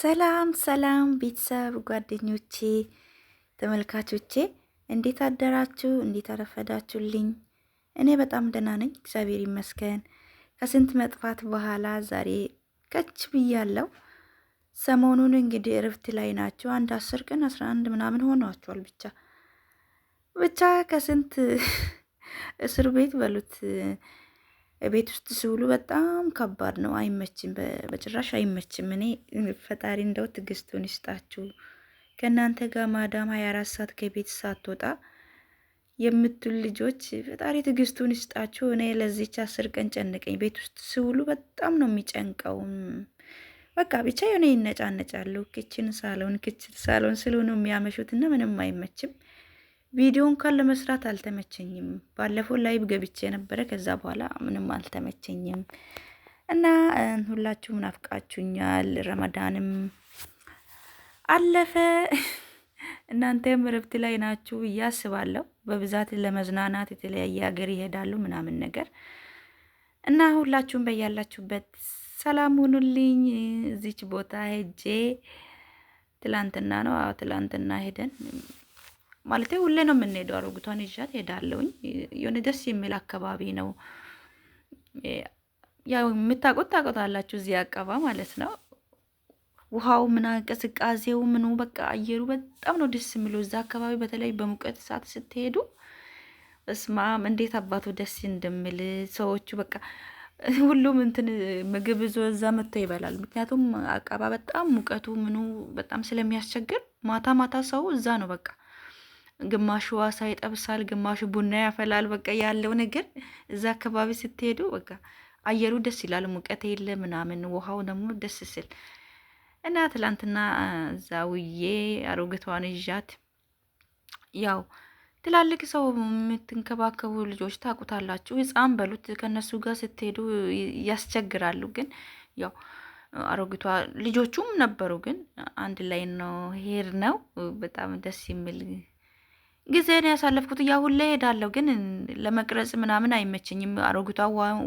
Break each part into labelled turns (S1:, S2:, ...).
S1: ሰላም ሰላም ቤተሰብ ጓደኞቼ ተመልካቾቼ እንዴት አደራችሁ? እንዴት አረፈዳችሁልኝ? እኔ በጣም ደህና ነኝ፣ እግዚአብሔር ይመስገን። ከስንት መጥፋት በኋላ ዛሬ ከች ብያለሁ። ሰሞኑን እንግዲህ እርፍት ላይ ናችሁ። አንድ አስር ቀን አስራ አንድ ምናምን ሆኗችኋል። ብቻ ብቻ ከስንት እስር ቤት በሉት ቤት ውስጥ ስውሉ በጣም ከባድ ነው። አይመችም፣ በጭራሽ አይመችም። እኔ ፈጣሪ እንደው ትግስቱን ይስጣችሁ። ከእናንተ ጋር ማዳም ሀያ አራት ሰዓት ከቤት ሳትወጣ የምትል ልጆች ፈጣሪ ትግስቱን ይስጣችሁ። እኔ ለዚች አስር ቀን ጨንቀኝ። ቤት ውስጥ ስውሉ በጣም ነው የሚጨንቀው። በቃ ብቻ የሆነ ይነጫነጫለሁ። ክችን ሳሎን፣ ክችን ሳሎን ስለሆነ የሚያመሹትና ምንም አይመችም። ቪዲዮ እንኳን ለመስራት አልተመቸኝም። ባለፈው ላይብ ገብቼ ነበረ። ከዛ በኋላ ምንም አልተመቸኝም እና ሁላችሁም ናፍቃችሁኛል። ረመዳንም አለፈ። እናንተም ረብት ላይ ናችሁ አስባለሁ በብዛት ለመዝናናት የተለያየ ሀገር ይሄዳሉ ምናምን ነገር እና ሁላችሁም በያላችሁበት ሰላም ሁኑልኝ። እዚች ቦታ ሄጄ ትላንትና ነው ትላንትና ሄደን ማለት ሁሌ ነው የምንሄደው። አሮጊቷን ይዣት ሄዳለውኝ። የሆነ ደስ የሚል አካባቢ ነው። ያው የምታቆት ታቆታላችሁ፣ እዚህ አቀባ ማለት ነው። ውሃው ምና እንቅስቃሴው ምኑ በቃ አየሩ በጣም ነው ደስ የሚለው። እዛ አካባቢ በተለይ በሙቀት ሰዓት ስትሄዱ እስማም እንዴት አባቱ ደስ እንደሚል ሰዎቹ በቃ ሁሉም እንትን ምግብ ይዞ እዛ መጥቶ ይበላል። ምክንያቱም አቀባ በጣም ሙቀቱ ምኑ በጣም ስለሚያስቸግር ማታ ማታ ሰው እዛ ነው በቃ ግማሹ ዋሳ ይጠብሳል፣ ግማሹ ቡና ያፈላል። በቃ ያለው ነገር እዛ አካባቢ ስትሄዱ በቃ አየሩ ደስ ይላል፣ ሙቀት የለ ምናምን፣ ውሃው ደግሞ ደስ ስል እና ትላንትና እዛ ውዬ አሮግቷን እዣት ያው ትላልቅ ሰው የምትንከባከቡ ልጆች ታውቁታላችሁ። ህፃን በሉት ከነሱ ጋር ስትሄዱ ያስቸግራሉ። ግን ያው አሮጊቷ ልጆቹም ነበሩ፣ ግን አንድ ላይ ነው ሄድ ነው። በጣም ደስ የሚል ጊዜን ያሳለፍኩት ያው ሁሌ ግን ለመቅረጽ ምናምን አይመቸኝም። አሮጊቷ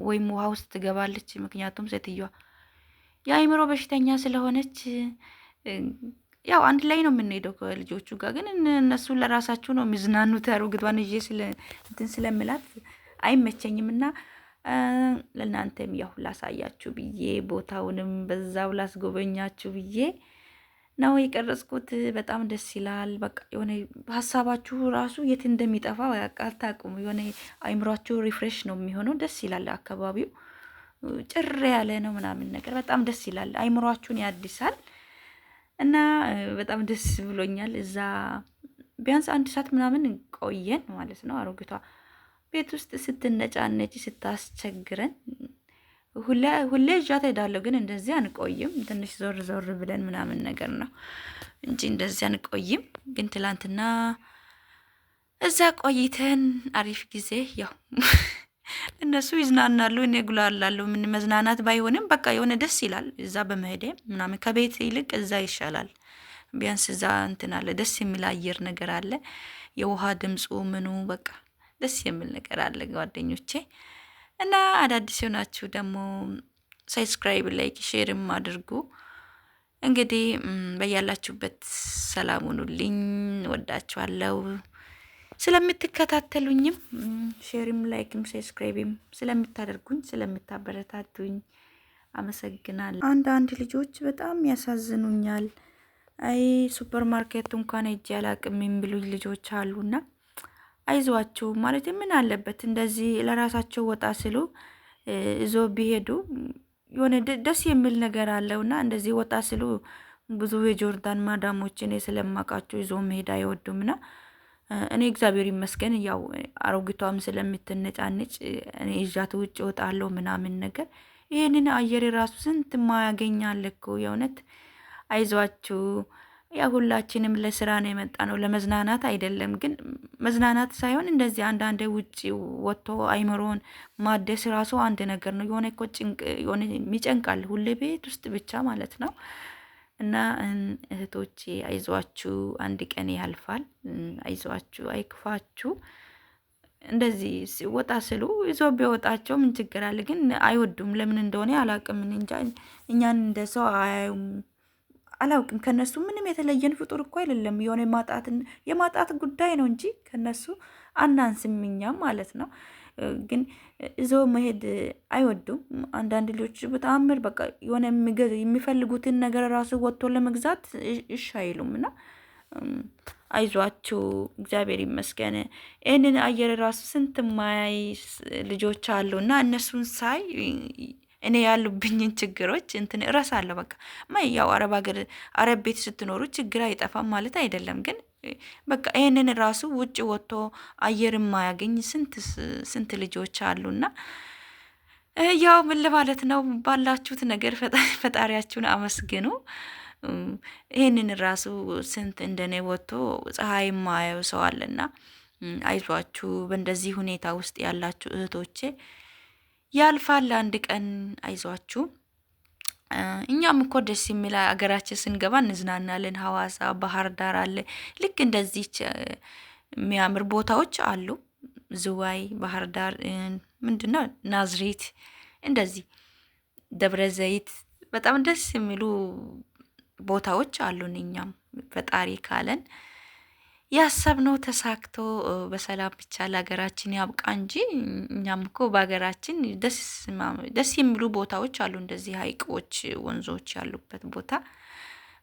S1: ወይም ውሃ ውስጥ ትገባለች። ምክንያቱም ሴትዮዋ የአይምሮ በሽተኛ ስለሆነች ያው አንድ ላይ ነው የምንሄደው ከልጆቹ ጋር። ግን እነሱ ለራሳችሁ ነው የሚዝናኑት። አሮጊቷን ይዤ እንትን ስለምላት አይመቸኝም እና ለእናንተም ያሁ ላሳያችሁ ብዬ ቦታውንም በዛው ላስጎበኛችሁ ብዬ ነው የቀረጽኩት። በጣም ደስ ይላል። በቃ የሆነ ሀሳባችሁ ራሱ የት እንደሚጠፋ አታውቁም። የሆነ አይምሯችሁ ሪፍሬሽ ነው የሚሆነው። ደስ ይላል። አካባቢው ጭር ያለ ነው ምናምን ነገር በጣም ደስ ይላል። አይምሯችሁን ያድሳል እና በጣም ደስ ብሎኛል። እዛ ቢያንስ አንድ ሰዓት ምናምን ቆየን ማለት ነው። አሮጊቷ ቤት ውስጥ ስትነጫነጭ ስታስቸግረን ሁሌ እዣት ሄዳለሁ፣ ግን እንደዚህ አንቆይም። ትንሽ ዞር ዞር ብለን ምናምን ነገር ነው እንጂ እንደዚህ አንቆይም። ግን ትላንትና እዛ ቆይተን አሪፍ ጊዜ ያው እነሱ ይዝናናሉ፣ እኔ ጉላላሉ። ምን መዝናናት ባይሆንም በቃ የሆነ ደስ ይላል እዛ በመሄዴ ምናምን። ከቤት ይልቅ እዛ ይሻላል። ቢያንስ እዛ እንትን አለ፣ ደስ የሚል አየር ነገር አለ። የውሃ ድምፁ ምኑ በቃ ደስ የሚል ነገር አለ ጓደኞቼ እና አዳዲስ የሆናችሁ ደግሞ ሳብስክራይብ ላይክ፣ ሼርም አድርጉ። እንግዲህ በያላችሁበት ሰላም ሁኑልኝ። ወዳችኋለሁ። ስለምትከታተሉኝም ሼርም፣ ላይክም፣ ሳብስክራይብም ስለምታደርጉኝ ስለምታበረታቱኝ አመሰግናለሁ። አንዳንድ ልጆች በጣም ያሳዝኑኛል። አይ ሱፐር ማርኬት እንኳን ሄጄ አላቅም የሚሉኝ ልጆች አሉና አይዟቸው ማለት ምን አለበት እንደዚህ ለራሳቸው ወጣ ስሉ ይዞ ቢሄዱ የሆነ ደስ የሚል ነገር አለውና እንደዚህ ወጣ ስሉ ብዙ የጆርዳን ማዳሞች እኔ ስለማውቃቸው ይዞ መሄድ አይወዱምና እኔ እግዚአብሔር ይመስገን ያው አሮጊቷም ስለምትነጫንጭ እኔ እዣት ውጭ ወጣለሁ ምናምን ነገር ይህንን አየር የራሱ ስንት ማያገኛለኩ የእውነት አይዟችሁ ያ ሁላችንም ለስራ ነው የመጣ ነው፣ ለመዝናናት አይደለም። ግን መዝናናት ሳይሆን እንደዚህ አንዳንድ ውጭ ወጥቶ አይምሮን ማደስ ራሱ አንድ ነገር ነው። የሆነ እኮ ጭንቅ የሆነ ሁሌ ቤት ውስጥ ብቻ ማለት ነው። እና እህቶቼ አይዟችሁ፣ አንድ ቀን ያልፋል። አይዟችሁ፣ አይክፋችሁ። እንደዚህ ወጣ ስሉ ይዞ ቢወጣቸው ምን ችግር አለ? ግን አይወዱም። ለምን እንደሆነ አላውቅም። እኛን እንደ ሰው አያዩም። አላውቅም። ከነሱ ምንም የተለየን ፍጡር እኮ አይደለም። የሆነ የማጣትን የማጣት ጉዳይ ነው እንጂ ከነሱ አናንስም እኛም ማለት ነው። ግን ይዞ መሄድ አይወዱም። አንዳንድ ልጆች በተአምር በቃ የሆነ የሚፈልጉትን ነገር ራሱ ወጥቶ ለመግዛት እሺ አይሉም እና አይዟችሁ፣ እግዚአብሔር ይመስገን። ይህንን አየር ራሱ ስንት ማያይ ልጆች አሉ እና እነሱን ሳይ እኔ ያሉብኝን ችግሮች እንትን እረሳለሁ። በቃ ማ ያው አረብ ሀገር አረብ ቤት ስትኖሩ ችግር አይጠፋም ማለት አይደለም፣ ግን በቃ ይህንን ራሱ ውጭ ወጥቶ አየር የማያገኝ ስንት ልጆች አሉና ያው ምን ለማለት ነው፣ ባላችሁት ነገር ፈጣሪያችሁን አመስግኑ። ይህንን ራሱ ስንት እንደኔ ወጥቶ ፀሐይ የማያዩ ሰው አለና አይዟችሁ። በእንደዚህ ሁኔታ ውስጥ ያላችሁ እህቶቼ ያልፋል አንድ ቀን፣ አይዟችሁ። እኛም እኮ ደስ የሚል አገራችን ስንገባ እንዝናናለን። ሐዋሳ ባህር ዳር አለ። ልክ እንደዚህ የሚያምር ቦታዎች አሉ። ዝዋይ፣ ባህር ዳር፣ ነው ናዝሬት፣ እንደዚህ ደብረ ዘይት በጣም ደስ የሚሉ ቦታዎች አሉን። እኛም ፈጣሪ ካለን ያሰብነው ተሳክቶ በሰላም ብቻ ለሀገራችን ያብቃ እንጂ እኛም እኮ በሀገራችን ደስ የሚሉ ቦታዎች አሉ። እንደዚህ ሀይቆች፣ ወንዞች ያሉበት ቦታ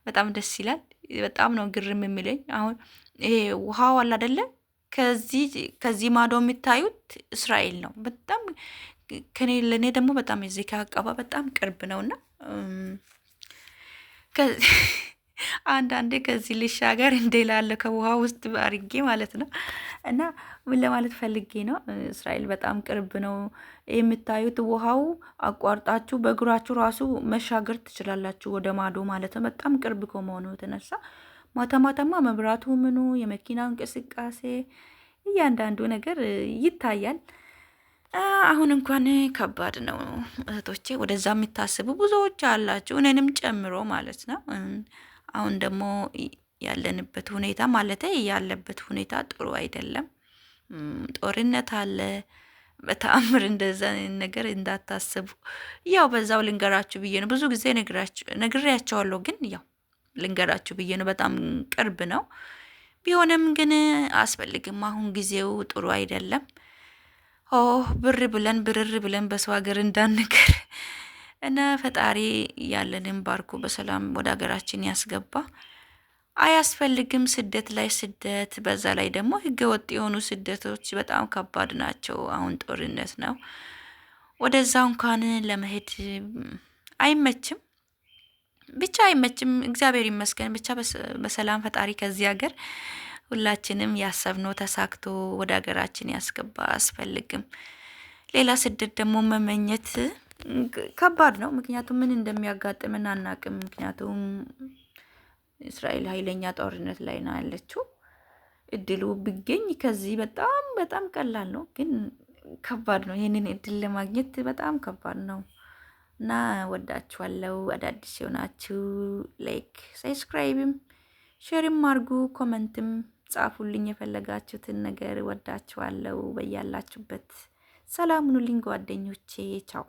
S1: በጣም ደስ ይላል። በጣም ነው ግርም የሚለኝ አሁን ይሄ ውሃው አለ አይደለ? ከዚህ ማዶ የሚታዩት እስራኤል ነው። በጣም ከኔ ለእኔ ደግሞ በጣም የዚህ ከአቀባ በጣም ቅርብ እና አንዳንዴ ከዚህ ልሻገር ጋር ላለ ከውሃ ውስጥ አርጌ ማለት ነው። እና ምን ለማለት ፈልጌ ነው፣ እስራኤል በጣም ቅርብ ነው የምታዩት። ውሃው አቋርጣችሁ በእግራችሁ ራሱ መሻገር ትችላላችሁ፣ ወደ ማዶ ማለት ነው። በጣም ቅርብ ከመሆኑ የተነሳ ማታ ማታማ መብራቱ ምኑ፣ የመኪና እንቅስቃሴ፣ እያንዳንዱ ነገር ይታያል። አሁን እንኳን ከባድ ነው እህቶቼ። ወደዛ የምታስቡ ብዙዎች አላችሁ፣ እኔንም ጨምሮ ማለት ነው። አሁን ደግሞ ያለንበት ሁኔታ ማለት ያለበት ሁኔታ ጥሩ አይደለም። ጦርነት አለ። በተአምር እንደዛ ነገር እንዳታስቡ። ያው በዛው ልንገራችሁ ብዬ ነው። ብዙ ጊዜ ነግሬያቸዋለሁ፣ ግን ያው ልንገራችሁ ብዬ ነው። በጣም ቅርብ ነው። ቢሆንም ግን አስፈልግም። አሁን ጊዜው ጥሩ አይደለም። ኦ ብር ብለን ብርር ብለን በሰው ሀገር እንዳንገር እነ ፈጣሪ ያለንን ባርኮ በሰላም ወደ ሀገራችን ያስገባ። አያስፈልግም ስደት ላይ ስደት። በዛ ላይ ደግሞ ህገ ወጥ የሆኑ ስደቶች በጣም ከባድ ናቸው። አሁን ጦርነት ነው። ወደዛ እንኳን ለመሄድ አይመችም፣ ብቻ አይመችም። እግዚአብሔር ይመስገን ብቻ በሰላም ፈጣሪ ከዚህ ሀገር ሁላችንም ያሰብነው ተሳክቶ ወደ ሀገራችን ያስገባ። አስፈልግም ሌላ ስደት ደግሞ መመኘት ከባድ ነው። ምክንያቱም ምን እንደሚያጋጥምን አናቅም። ምክንያቱም እስራኤል ኃይለኛ ጦርነት ላይ ነው ያለችው። እድሉ ቢገኝ ከዚህ በጣም በጣም ቀላል ነው፣ ግን ከባድ ነው። ይህንን እድል ለማግኘት በጣም ከባድ ነው እና ወዳችኋለው። አዳዲስ የሆናችሁ ላይክ፣ ሰብስክራይብም፣ ሼርም አድርጉ፣ ኮመንትም ጻፉልኝ የፈለጋችሁትን ነገር። ወዳችኋለው። በያላችሁበት ሰላም ሁኑልኝ ጓደኞቼ። ቻው